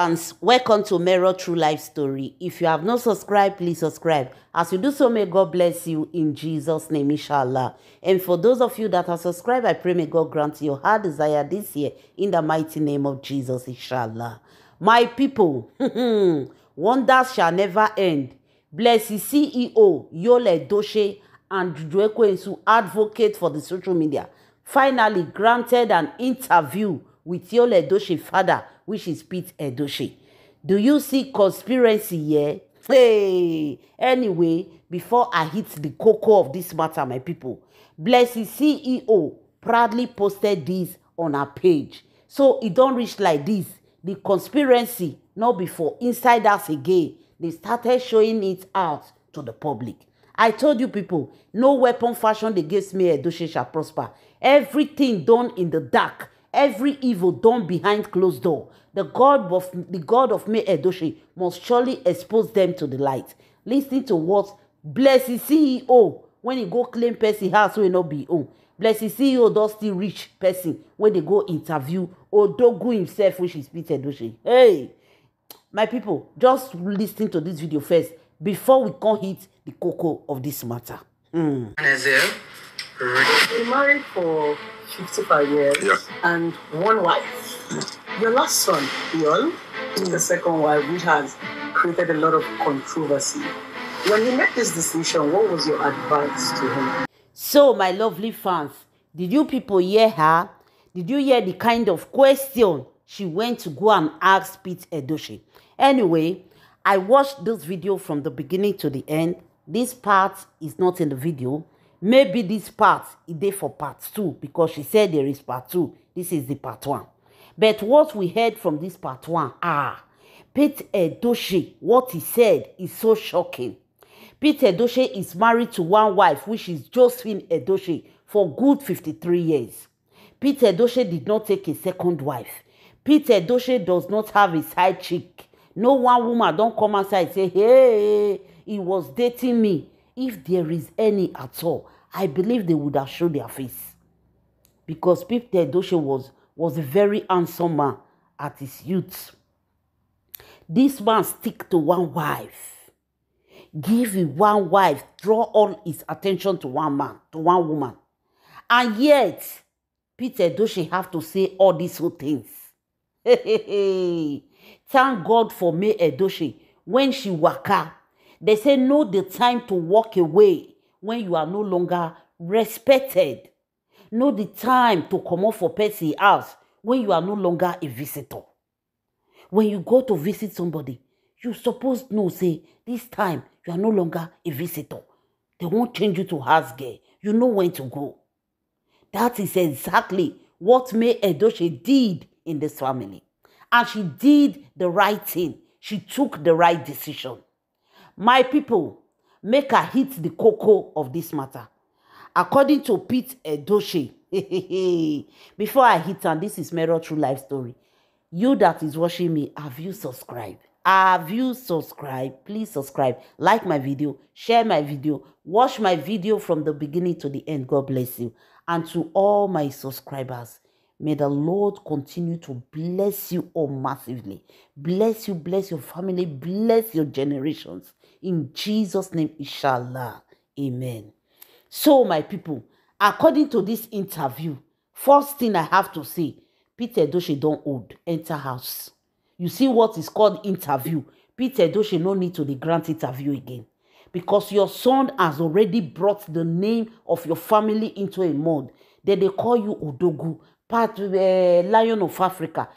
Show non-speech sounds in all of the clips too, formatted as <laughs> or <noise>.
And welcome to Mero True Life Story. If you have not subscribed, please subscribe. As you do so, may God bless you in Jesus' name, inshallah. And for those of you that are subscribed, I pray may God grant your heart desire this year in the mighty name of Jesus, inshallah. My people, <laughs> wonders shall never end. Bless the CEO, Yole Doshe, and who advocate for the social media, finally granted an interview with your Edochie father, which is Pete Edochie. Do you see conspiracy here? Hey, anyway, before I hit the cocoa of this matter, my people, Blessy CEO proudly posted this on her page. So it e don't reach like this. The conspiracy, not before, inside us again, they started showing it out to the public. I told you people, no weapon fashioned against me, Edochie shall prosper. Everything done in the dark Every evil done behind closed door, the God of the God of May Edoshi must surely expose them to the light. Listen to what blessed CEO when he go claim person house will not be own. Blessed CEO does still rich person when they go interview Odogu himself, which is Peter Edoshi. Hey, my people, just listen to this video first before we can hit the cocoa of this matter. Mm. Been married for 55 years yeah. and one wife. Your last son, Ion, the second wife, which has created a lot of controversy. When you made this decision, what was your advice to him? So, my lovely fans, did you people hear her? Did you hear the kind of question she went to go and ask Pete Edoche? Anyway, I watched this video from the beginning to the end. This part is not in the video maybe this part is there for part two because she said there is part two this is the part one but what we heard from this part one ah Pete Edochie what he said is so shocking Pete Edochie is married to one wife which is Josephine Edochie for good 53 years Pete Edochie did not take a second wife Pete Edochie does not have a side chick no one woman don't come outside say hey he was dating me if there is any at all, I believe they would have shown their face. Because Peter Edoche was, was a very handsome man at his youth. This man stick to one wife. Give him one wife, draw all his attention to one man, to one woman. And yet, Peter Edoche have to say all these whole things. <laughs> Thank God for me Edoche when she waka They say, Know the time to walk away when you are no longer respected. Know the time to come out for person house when you are no longer a visitor. When you go to visit somebody, you suppose know, say, this time you are no longer a visitor. They won't change you to house girl. You know when to go. That is exactly what May Edoche did in this family. And she did the right thing. She took the right decision my people make i hit the cocoa of this matter according to pete edoche <laughs> before i hit am this is mero true life story you that is watching me have you subscribed have you subscribed please subscribe like my video share my video watch my video from the beginning to the end god bless you and to all my subscribers May the Lord continue to bless you all massively. Bless you, bless your family, bless your generations. In Jesus' name, inshallah. Amen. So, my people, according to this interview, first thing I have to say, Peter Doshi don't hold, enter house. You see what is called interview. Peter Doshi no need to the grant interview again. Because your son has already brought the name of your family into a mud. Then they call you Odogu part uh, Lion of Africa.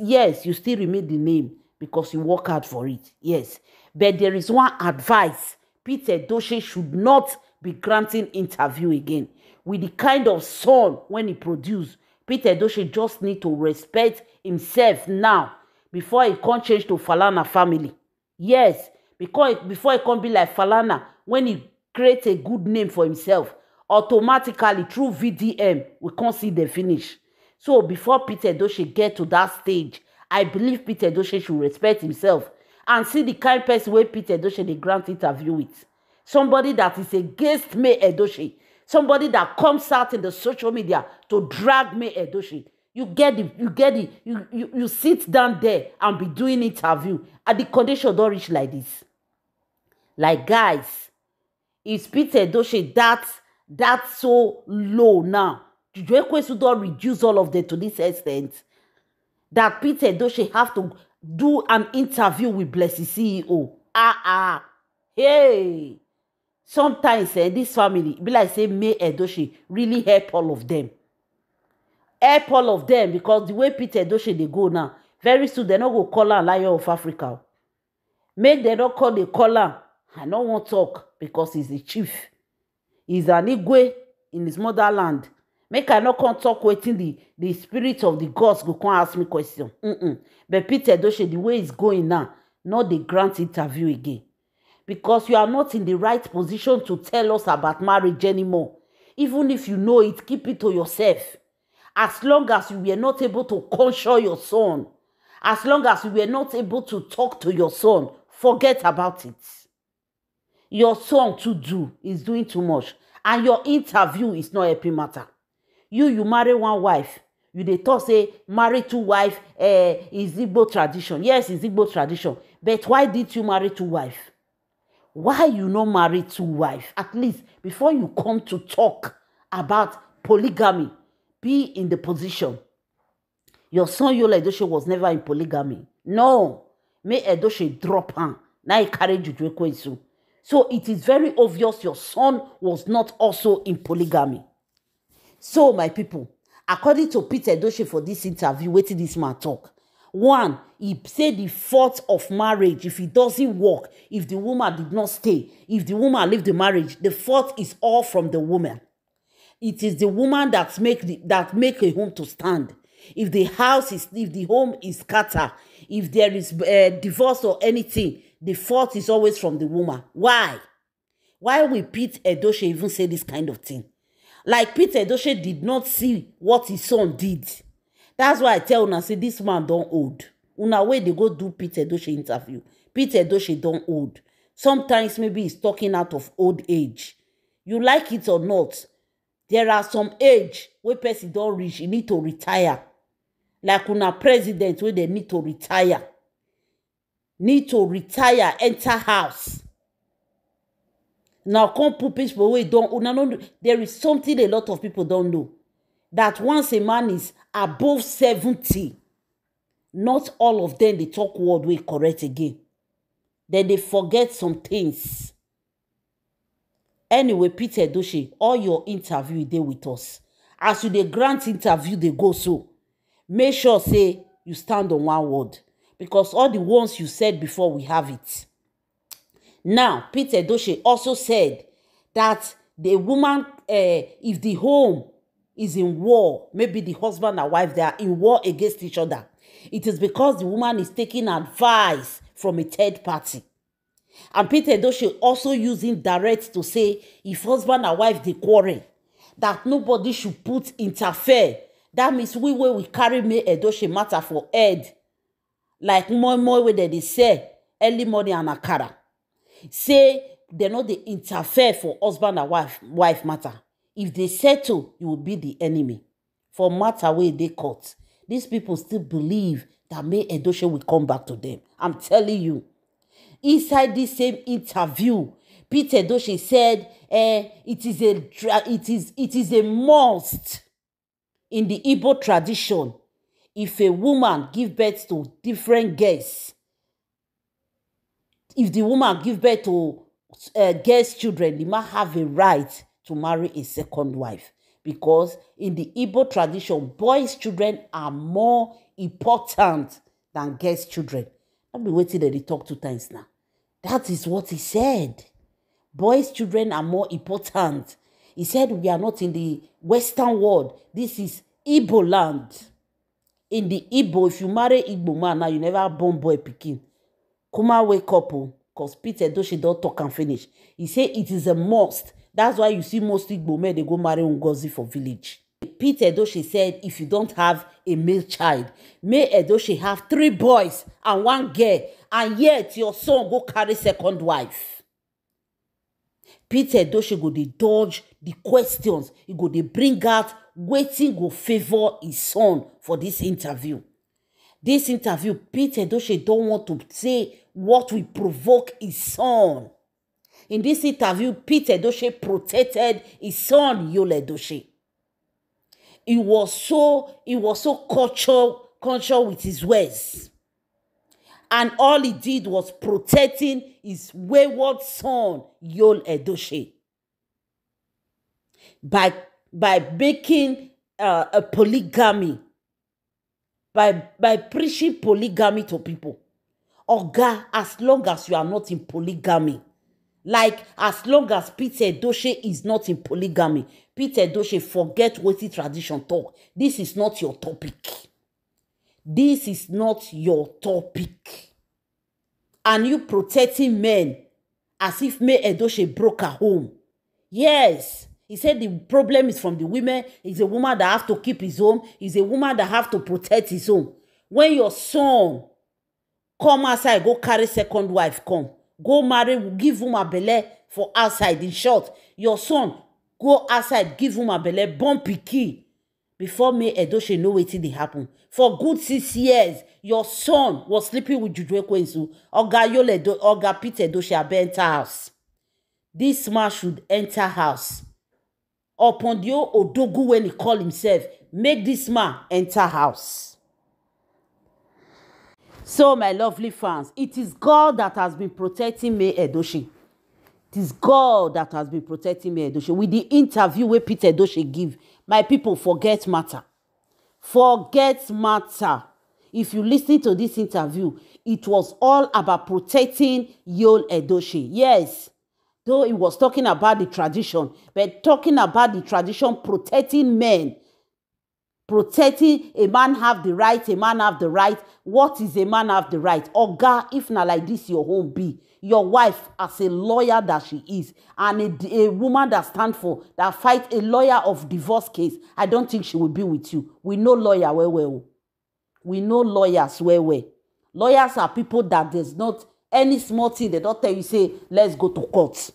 Yes, you still remain the name because you work hard for it. Yes. But there is one advice Peter Doshe should not be granting interview again. With the kind of son when he produce, Peter Doshe just need to respect himself now before he can change to Falana family. Yes, because before he can be like Falana, when he create a good name for himself, automatically through VDM, we can't see the finish. So before Peter Edoche get to that stage, I believe Peter Edoche should respect himself and see the kind person where Peter Edoche dey grant interview with. Somebody that is against me Edoche. Somebody that comes out in the social media to drag me Edoche. You get it. you get it. you you, you sit down there and be doing interview and the condition don reach like this. Like guys, is Peter Edoche that that so low now Joekwesudo reduced all of them to this extent that Peter Edochie have to do an interview with Blessing CEO. Ah ah. Hey. Sometimes eh, this family, be like say May Edochie really help all of them. Help all of them because the way Peter Edochie dey go now, very soon they no go call am Lion of Africa. Make they no call the caller. am. I no wan talk because he's a chief. He's an Igwe in his motherland make i no come talk wetin the the spirit of the gods go come ask me question mm-mm. but peter doshe the way he's going now Not the grant interview again because you are not in the right position to tell us about marriage anymore even if you know it keep it to yourself as long as you were not able to console your son as long as you were not able to talk to your son forget about it your son to do is doing too much and your interview is not helping matter you you marry one wife you dey talk say marry two wife uh, is igbo tradition yes is igbo tradition but why did you marry two wife why you no marry two wife at least before you come to talk about polygamy be in the position your son yola edoche was never in polygamy no may edoche drop am na he carry juju ekwesu so it is very obvious your son was not also in polygamy so my people, according to peter edoche for this interview waiting this man talk. one he said the fault of marriage if it doesn't work if the woman did not stay if the woman leave the marriage the fault is all from the woman it is the woman that make the, that make a home to stand if the house is if the home is scattered if there is uh, divorce or anything the fault is always from the woman why why will pete edoche even say this kind of thing like peter edoche did not see what his son did that's why i tell una say this man don old una wey dey go do peter edoche interview peter edoche don old sometimes maybe he's talking out of old age you like it or not there are some age wey person don reach He need to retire like una president wey dey need to retire need to retire enter house Now, come put people away. Don't, no, no, there is something a lot of people don't know. That once a man is above 70, not all of them they talk word way correct again. Then they forget some things. Anyway, Peter Doshi, all your interview dey with us. As you the grant interview, they go so. Make sure say you stand on one word. Because all the ones you said before, we have it. Now, Peter Doche also said that the woman, uh, if the home is in war, maybe the husband and wife, they are in war against each other. It is because the woman is taking advice from a third party. And Peter Doche also using direct to say if husband and wife they quarrel, that nobody should put interfere. That means we will we carry me Edoche matter for head. Like more more where they say early money and a car say dem no dey interfere for husband and wife wife matter if they settle you will be the enemy for matter wey dey court these people still believe that may edoche will come back to them i'm telling you inside this same interview peter edoche said eh, it is a it is it is a must in the igbo tradition if a woman give birth to different girls if the woman give birth to uh, girls children they might have a right to marry a second wife because in the Igbo tradition boys children are more important than girls children no be waiting dem dey talk two times now that is what he said boys children are more important he said we are not in the western world this is Igbo land in the Igbo if you marry Igbo man now you never born boy pikin Kuma wake up o, cause Peter Edochie don't talk and finish. He say it is a must. That's why you see most Igbo men dey go marry Ngozi for village. Peter Edochie said if you don't have a male child, may Edochie have three boys and one girl, and yet your son go carry second wife. Peter Edochie go dey dodge the questions. He go de bring out waiting go favor his son for this interview. This interview, Peter Doche don't want to say what will provoke his son. In this interview, Peter Doche protected his son, Yole Doche. He was so, he was so culture, conscious with his ways, And all he did was protecting his wayward son, Yol Edoche. By, by making uh, a polygamy by, by preaching polygamy to people. Oga, as long as you are not in polygamy, like as long as Peter Doshe is not in polygamy, Peter Doshe, forget what the tradition talk. This is not your topic. This is not your topic. And you protecting men as if May Edoche broke her home. Yes, He said the problem is from the women. It's a woman that have to keep his home. It's a woman that have to protect his home. When your son come outside, go carry second wife, come. Go marry, give him a belle for outside. In short, your son go outside, give him a belle, born piki. Before me, Edo she know wetin dey happen. For good six years, your son was sleeping with Juju Ekwensu. Oga Yole, Oga Peter Edoche she enter house. This man should enter house. Opondio Odogu when he called himself, make this man enter house. So, my lovely fans, it is God that has been protecting me, Edoshi. It is God that has been protecting me, Edoshi. With the interview where Peter Edoshi give, my people forget matter. Forget matter. If you listen to this interview, it was all about protecting Yol Edoshi. Yes, though he was talking about the tradition, but talking about the tradition protecting men, protecting a man have the right, a man have the right. What is a man have the right? Or God, if not like this, your home be your wife as a lawyer that she is, and a, a woman that stand for that fight a lawyer of divorce case. I don't think she will be with you. We know lawyer well well. We know lawyers well well. Lawyers are people that there's not any small thing they don't tell you say let's go to court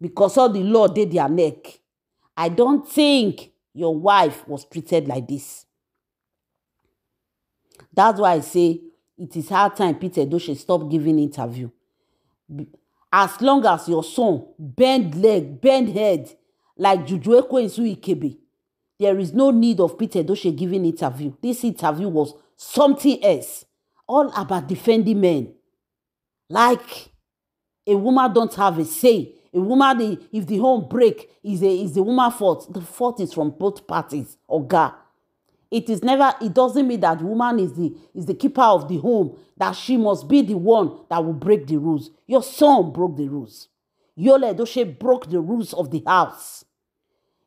because all the law did their neck i don't think your wife was treated like this that's why i say it is hard time peter edoche stop giving interview as long as your son bend leg bend head like juju ekwensu ikebe there is no need of peter edoche giving interview this interview was something else all about defending men like a woman don't have a say a woman if the home break is a is the woman fault the fault is from both parties God, it is never it doesn't mean that woman is the is the keeper of the home that she must be the one that will break the rules your son broke the rules yole Edoshe broke the rules of the house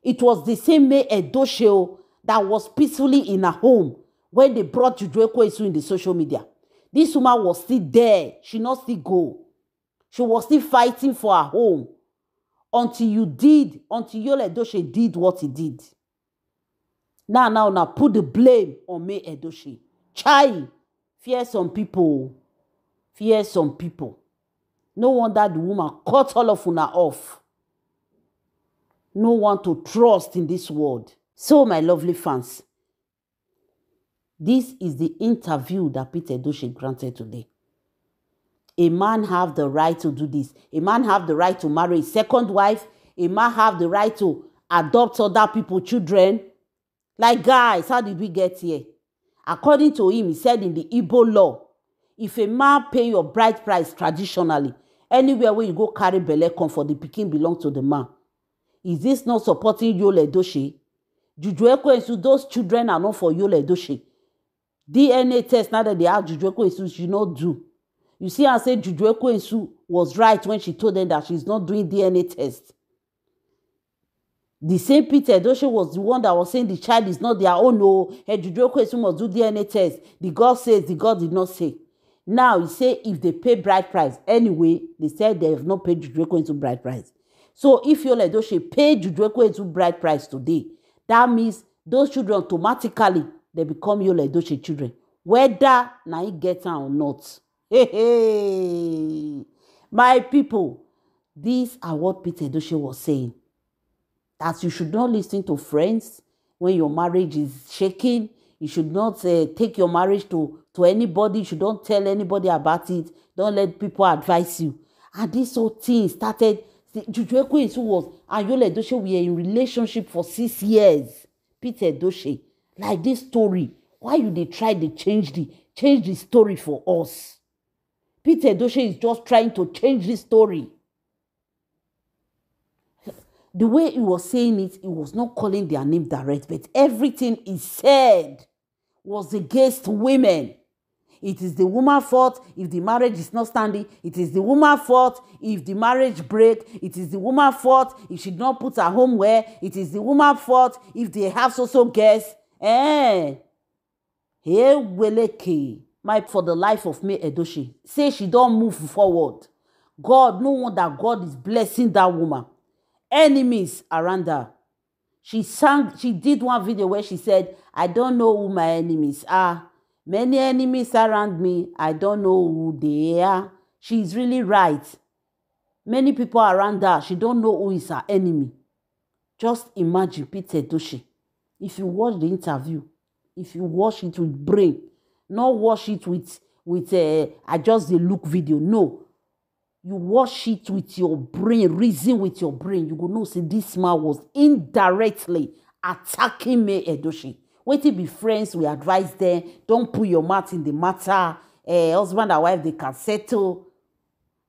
it was the same may edoche oh, that was peacefully in her home when they brought jujueko esu in the social media This woman was still there. She not still go. She was still fighting for her home until you did, until Yul Edochie did what he did. Now, now, now, put the blame on me, Edochie. Chai, fear some people. Fear some people. No wonder the woman cut all of una off. No one to trust in this world. So, my lovely fans, This is the interview that Peter Doshi granted today. A man have the right to do this. A man have the right to marry a second wife. A man have the right to adopt other people children. Like guys, how did we get here? According to him, he said in the Igbo law, if a man pay your bride price traditionally, anywhere where you go carry belle come for the picking belong to the man. Is this not supporting Yul Edochie? Juju Ekwensu, those children are not for Yul Edochie dna test now that they have juju ekwensu she not do you see I say juju ekwensu was right when she told them that she's not doing dna test the same peter edoche was the one that was saying the child is not their own o oh. hey, juju ekwensu must do dna test the god says the god did not say now he say if they pay bride price anyway they said they have not paid juju ekwensu bride price so if yul edoche pay juju ekwensu bride price today that means those children automatically they become your Edochie children whether na e get am or not hey, hey. my people these are what Peter Edochie was saying that you should not listen to friends when your marriage is shaking you should not uh, take your marriage to to anybody you should not tell anybody about it don't let people advise you and this whole thing started Juju Ekwuesu was and Yul we are in relationship for six years Peter Edochie like this story why you dey try dey change the change the story for us peter edoche is just trying to change the story the way he was saying it he was not calling their name direct but everything he said was against women it is the woman fault if the marriage is not standing it is the woman fault if the marriage break it is the woman fault if she not put her home well it is the woman fault if they have so so guests eh eweleke my for the life of me edoche say she don't move forward god no wonder god is blessing that woman enemies around her she sang she did one video where she said i don't know who my enemies are many enemies around me i don't know who they are she's really right many people around her she don't know who is her enemy just imagine peter edoche if you watch the interview if you watch it with brain not watch it with with uh, i just dey look video no you watch it with your brain reason with your brain you go know say this man was indirectly attacking me. Edochie wetin be friends we advise them don put your mouth in the matter uh, husband and wife they can settle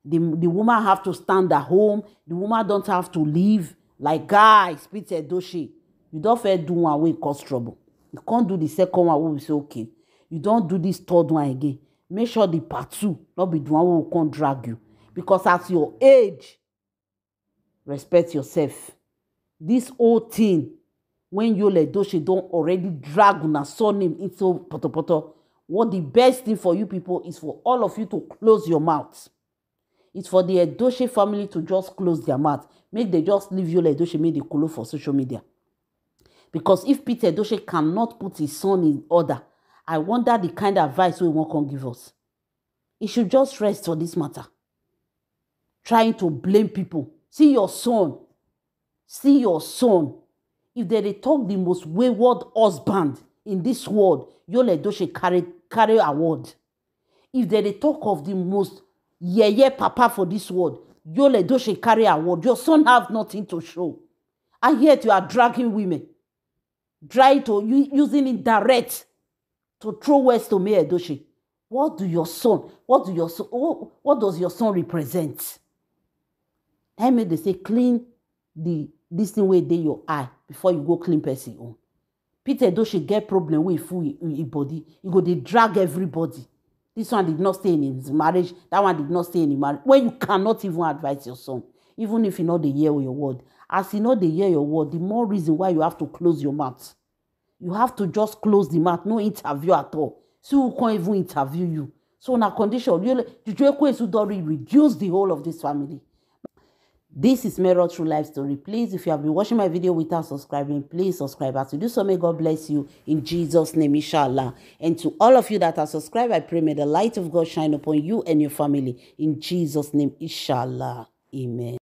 the the woman have to stand at home the woman don't have to leave like guys Peter Edochie you don fair do one wey cause trouble you come do the second one wey be say okay you don do this third one again make sure the part two no be the one wey go come drag you because at your age respect yourself this whole thing when yul edochie don already drag una surname into potopoto what the best thing for you people is for all of you to close your mouth it's for the edochie family to just close their mouth make they just leave yul edochie make they kolo for social media Because if Peter Edoche cannot put his son in order, I wonder the kind of advice we won't give us. He should just rest for this matter. Trying to blame people. See your son. See your son. If they, talk the most wayward husband in this world, Yul Edochie carry carry award. If they, talk of the most yeye papa for this world, Yul Edochie carry award. Your son have nothing to show. I hear you are dragging women trying to using it direct to throw words to me. Edochie. What do your son? What do your son? What, what does your son represent? Tell me. they say clean the this thing wey dey your eye before you go clean person own. Peter Edochie get problem with fool him body. He go they drag everybody. This one did not stay in his marriage. That one did not stay in his marriage. Where you cannot even advise your son, even if you know the year of your word, As you know, they hear your word, the more reason why you have to close your mouth. You have to just close the mouth, no interview at all. So who can't even interview you. So, in a condition, you reduce the whole of this family. This is Meryl True Life Story. Please, if you have been watching my video without subscribing, please subscribe. As you do so, may God bless you in Jesus' name, inshallah. And to all of you that are subscribed, I pray may the light of God shine upon you and your family in Jesus' name, inshallah. Amen.